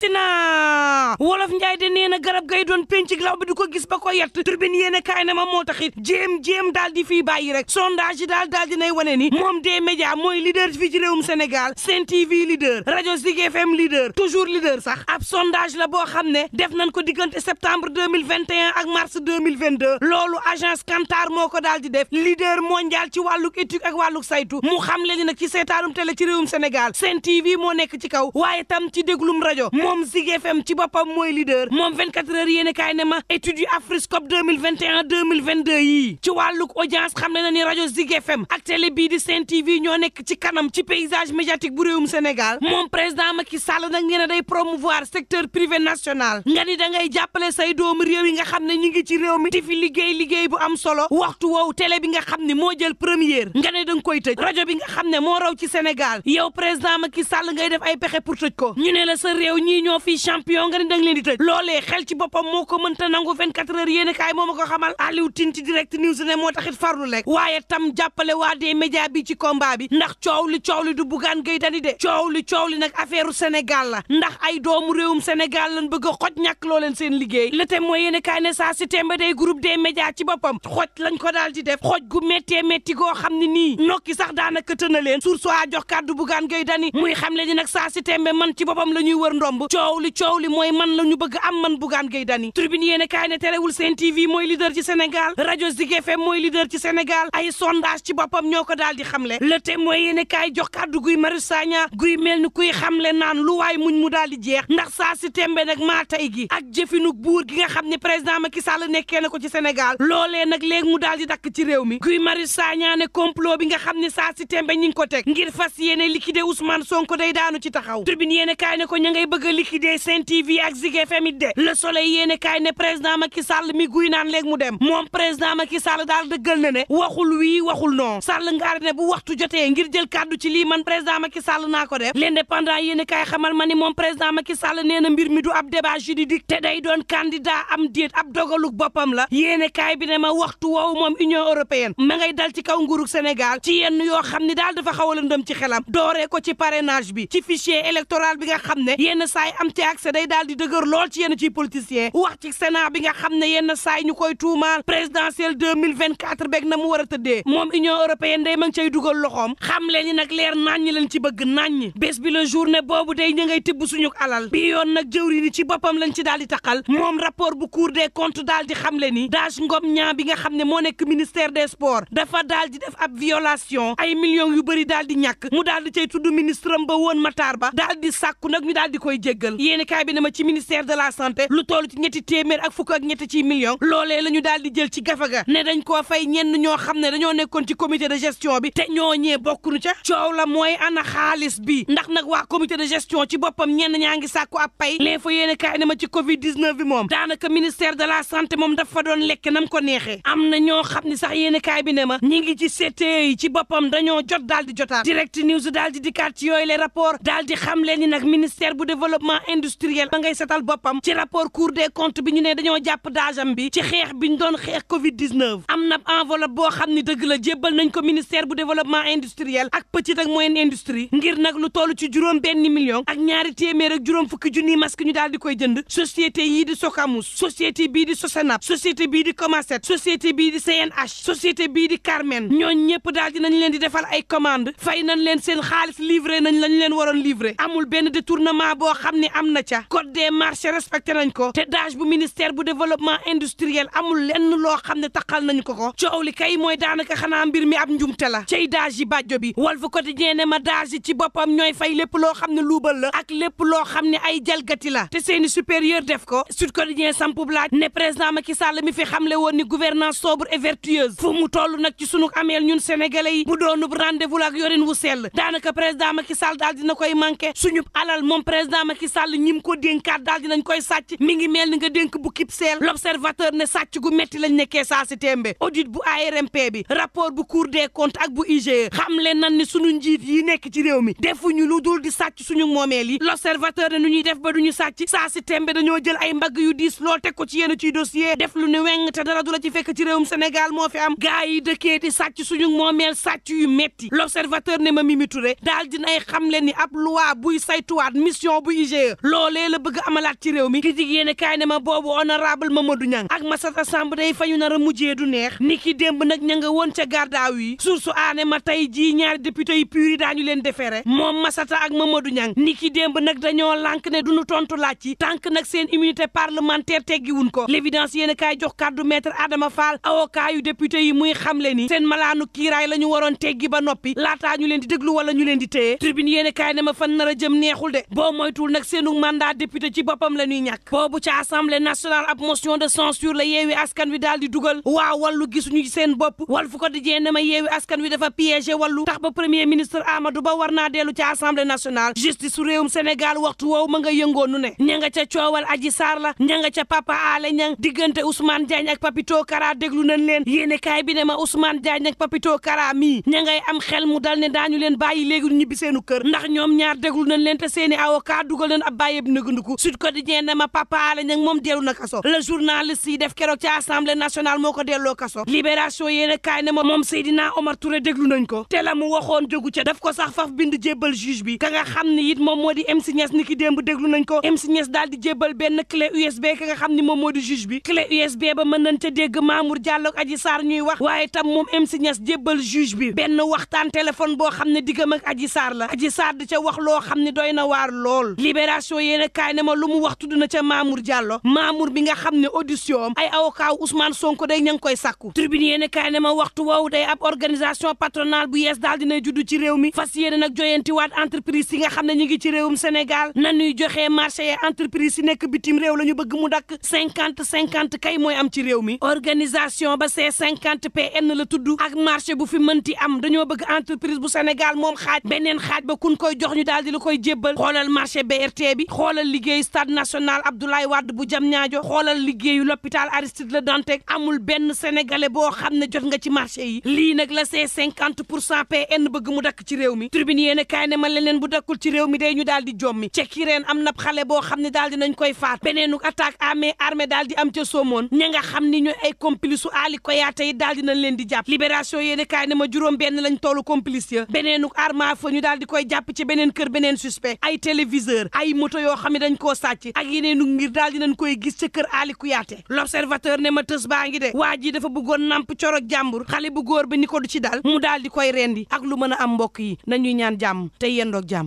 dinaa an wolof njaay de nee na garab gay doon péncik law bi di ko gis ba ko yett turbine yéen a kaay na ma moo taxit jéem jeem daal di fii bàyyi rek sondage yi daal daal dinay wane ni moom des médias mooy leader fii ci réewum Sénégal Sen TV leader rajo Zik FM leader toujours leader sax ab sondage la boo xam ne def nañ ko diggante septembre 2021 ak mars 2022 loolu agence Kantar moo ko daal di def leader mondial ci wàlluk étude ak wàlluk saytu mu xam le ni nag ci seetaanum télé ci réewum Sénégal Sen TV moo nekk ci kaw waaye tam ci déglum rajo ci boppam mooy leader moom 24 heures yéen a kaay ne ma étude yu Afriscope 2021 2022 yii ci wàlluk audience xam ne na ni rajo Zik FM ak télé bii di Sen TV ñoo nekk ci kanam ci paysage médiatique bu mu Sénégal moom président Macky Sall nag nee na day promouvoir secteur privé national nga ni da ngay jàppale say doomu réew yi nga xam ne ñu ngi ci réew mi di fi liggéey liggéey bu am solo waxtu wow télé bi nga xam ne moo jël premier nga ne da koy tëj rajo bi nga xam ne moo raw ci Sénégal yow président Macky Sall ngay def ay pexe pour tëj ko ñu ne la sa réew ñii ñoo fi champion dang leen di tëj loolee xel ci boppam moo ko mënta nangu 24 heures yéen kaay moo ma ko xamal Aliou Tine ci direct news ne moo taxit farlu rek waaye tam jàppale waa des médias bi ci combat bi ndax coow li coow li du Bougane Gueye Dany de coow li coow li nag affaire Sénégal la ndax ay doomu réewum Sénégal la bëgg a xoj ñàkk loo leen seen liggéey le thème mooy yéen kaay ne saa si temba day groupe des médias ci boppam xoj lañ ko daal di def xoj gu méttee métti goo xam ne nii nokki sax daanaka tëna leen sur soit jox kàddu Bougane Gueye Dany muy xam le ni nag saa si man ci boppam la ñuy wër ndomb coow li man la ñu bëgg am man Bougane Gueye Dany tribune yéen kaay ne terewul Sen TV mooy leader ci Sénégal rajo Zik FM mooy leader ci Sénégal ay sondage ci boppam ñoo ko daal di xamle le témoin yéen kaay jox kàddu guy Marius Sagna guy mel ni kuy xamle naan lu waay muñ mu daal di jeex ndax saa si tembe nag maa tey gi ak jëfinug buur gi nga xam ne président Macky Sall nekkee na ko ci Sénégal loolee nag léegi mu daal di dakk ci réew mi guy Marius Sagna ne complot bi nga xam ne saa si tembe ñi ngi ko teg ngir fas yéene liquider Ousmane Sonko day daanu ci taxaw ak Zik FM it de le soleil yéene kaay ne président Macky Sall mi guy naan léegi mu dem moom président Macky Sall daal dëggal na ne waxul wii waxul non Sall ngaari ne waxtu jotee ngir jël kàddu ci lii man président Macky Sall naa ko def l'indépendant yéene kaay xamal ma ni moom président Macky Sall nee na mbir mi du ab débat juridique te day doon candidat am déet ab dogaluk boppam la yéene kaay bi ne ma waxtu woowu moom Union européenne ma ngay dal ci kaw nguurug Sénégal ci yenn yoo xam ni daal dafa xaw a lëndëm ci xelam dooree ko ci parrainage bi ci fichier électoral bi nga xam ne yenn saay dëgër lool ci yenn ciy politiciens wax ci Sénat bi nga xam ne yenn saay ñu koy tuumaal présidentielle 2024 beeg na mu war a tëddee moom Union européenne day ma ngi cay dugal ni nag leer naññ leen ci bëgg naññ bés bi la journée boobu day ñu ngay tibb suñu alal bi yoon nag jëwri ni ci boppam lañ ci daal di taqal moom rappor bu Cour des comptes daal di xam le ni daaj ngom ñaa bi nga xam ne moo nekk ministère des sports dafa daal di def ab violation ay millions yu bëri daal di ñàkk mu daal di cay tudd ministre am ba woon Matar Ba daal di sàkku nag ñu daal di koy jéggal yéeni kaay ma ci ministère de la santé lu toll ci ñetti téeméer ak fukk ak ñetti ci millions loolee la ñu daal jël ci gafaga ne dañ koo fay ñenn ñoo xam ne dañoo nekkoon ci comité de gestion bi te ñooñee bokkunu ca coow la mooy ana xaalis bi ndax nag waa comité de gestion ci boppam ñenn ñaa ngi sàkku ab pay leen fa yéene kaay na ma ci covid 19 bi moom daanaka ministère de la santé moom dafa doon lekk nam ko neexee am na ñoo xam ne sax yéene kaay bi ne setal boppam ci rapport cour des comptes bi ñu ne dañoo jàpp daajam bi ci xeex ñu doon xeex Covid am na enveloppe boo xam ni dëgg la jébbal nañ ko ministère bu développement industriel ak petite ak moyenne industrie ngir nag lu toll ci juróom benn million ak ñaari téeméer juróom fukki junniy masque ñu daal di koy jënd société yii di Sokamus société bii di Sosenap société bii di Comaset société bii di CNH société bii di Carmen ñooñ ñëpp daal di nañ leen di defal ay commande fay nañ leen seen xaalis livré nañ lañ leen waroon livré amul benn détournement boo xam ne am na ca code les marchés respecté nañ ko te daaj bu ministère bu développement industriel amul lenn loo xam ne taqal nañu ko ko coow li kay mooy daanaka xanaa mbir mi ab njumte la cay daaj yi bàjjo bi Walf Quotidien ne ma daaj yi ci boppam ñooy fay lépp loo xam ne luubal la ak lépp loo xam ne ay jalgati la te seeni supérieur def ko Sud Quotidien sampub laaj ne président Macky Sall mi fi xamle woon ni gouvernance sobre et vertueuse fu mu toll nag ci sunu ameel ñun sénégalais yi bu doonub rendez-vous la ak yorin wu sell daanaka président Macky Sall daal dina koy manqué suñu alal moom président Macky Sall Wade daal koy sàcc mi ngi mel ni nga dénk bu kib seel l'observateur ne sàcc gu metti lañ nekkee saa si tembe audit bu ARMP bi rapport bu kuur des comptes ak bu IGE xam leen nan ni suñu njiit yi nekk ci réew mi ñu lu dul di sàcc suñu moomeel yi l'observateur ne nu ñuy def ba duñu sàcc saa si tembe dañoo jël ay mbagg yu diis loo teg ko ci yenn ciy dossier def lu ne weng te dara du la ci fekk ci réewum Sénégal moo fi am gaa yi dëkkee di sàcc suñu moomeel sàcc yu metti l'observateur ne ma Mimi Touré daal dinay xam leen ni ab loi buy saytuwaat mission bu IGE loolee la bëgg bëgg amalaat ci réew mi critique yéen kaay ne ma boobu honorable Mamadou Niang ak Massata Samb day fañu nar a mujjee du neex ni ki démb nag ña nga woon ca gardaaw yi sursu aane ma tey jii ñaari député yi pur yi daañu leen defere moom Massata ak Mamadou Niang ni ki démb nag dañoo lànk ne duñu tontu laaj ci tànk nag seen immunité parlementaire teggiwun ko l'évidence yéen kaay jox kàddu maître Adama Fall avocat yu député yi muy xamle ni seen malaanu kiiraay la ñu waroon teggi ba noppi laataa ñu leen di déglu wala ñu leen di téye tribune yéen kaay ne ma fan nar a ci boppam la nuy ñàkk boobu ci assemblée nationale ab motion de censure la yeewi askan wi daal di dugal waa wàllu gisuñu seen bopp wal fu ko dijee ne ma yeewi askan wi dafa piégé wàllu tax ba premier ministre amadu Ba war naa dellu ci assemblée nationale justice su réewum Sénégal waxtu woowu ma nga yëngoonu ne ña nga ca coowal Adji Sarr la ña nga ca Papa Alé Niang diggante Ousmane Diagne ak Papito Kara déglu nañ leen yéene bi ne ma Ousmane Diagne ak Papito Kara mii ña ngay am xel mu dal ne daañu leen bàyyi léegi ñibbi seenu kër ndax ñoom ñaar déglu nañ leen te seeni avocat dugal nañ ab bàyyeeb nëganduku Sud Quotidien dama Papa Alé Niang moom dellu na kaso le journaliste yi def keroog ci assemblée nationale moo ko delloo kaso libération yéen a kaay ne ma moom Seydina Omar Touré déglu nañ ko te la mu waxoon jógu ca daf ko sax faf bind jébbal juge bi ka a xam ni it moom moo di MC Niass ni ki démb nañ ko MC Niass daal di jébbal benn clé USB ka a xam ni moom moo di juge bi clé USB ba mën nañ ca dégg Mamour Diallo ak Adji Sarr ñuy wax waaye tam moom MC Niass jébbal juge bi benn waxtaan téléphone boo xam ne diggam ak Adji Sarr la Adji Sarr di ca wax loo xam ne doy na waar lool libération yéen a ma lu mu wax na ca Mamour Diallo Mamour bi nga xam ne audition am ay avocat Ousmane Sonko day ña ngi koy sàkku tribune yéen kaay ne ma waxtu woowu day ab organisation patronale bu yees daal dinay juddu ci réew mi fas yéene nag joyantiwaat entreprise yi nga xam ne ñu ngi ci réewum Sénégal nanuy joxee marché yi entreprise yi nekk bitim réew la ñu bëgg mu dakk cinquante cinquante kay mooy am ci réew mi organisation ba c'est cinquante PN la tudd ak marché bu fi mënti am dañoo bëgg entreprise bu Sénégal moom xaaj beneen xaaj ba kun koy jox ñu daal di la koy jébbal xoolal marché BRT bi xoolal liggéey liggéeyu stade national Abdoulaye Wade bu jam ñaajo xoolal liggéeyu l'hôpital Aristide Le Dantec amul benn sénégalais boo xam ne jot nga ci marché yi lii nag la see cinquante pour cent PN bëgg mu dakk ci réew mi tribune yéen kaay ma leneen bu dakkul ci réew mi day ñu daal di jommi cekki reen am na xale boo xam ne daal di nañ koy faat beneenu attaque amee armée daal di am ca Somone xam ni ñooy ay complice su Koyaate yi daal di nañ leen di jàpp libération yéen kaay ne ma juróom benn lañ tollu complice di koy jàpp ci beneen kër beneen suspect ay téléviseur ay koo sàcc ak yeneenu ngir daal dinañ koy gis ca kër Ali Kouyaté l'observateur ne ma tës baa ngi de waa ji dafa bëggoon namp coro jàmbur xale bu góor ba ni ko du ci dal mu daal di koy rendi ak lu mën a am mbokk yi nañuy ñaan jàmm te yendoog jàmm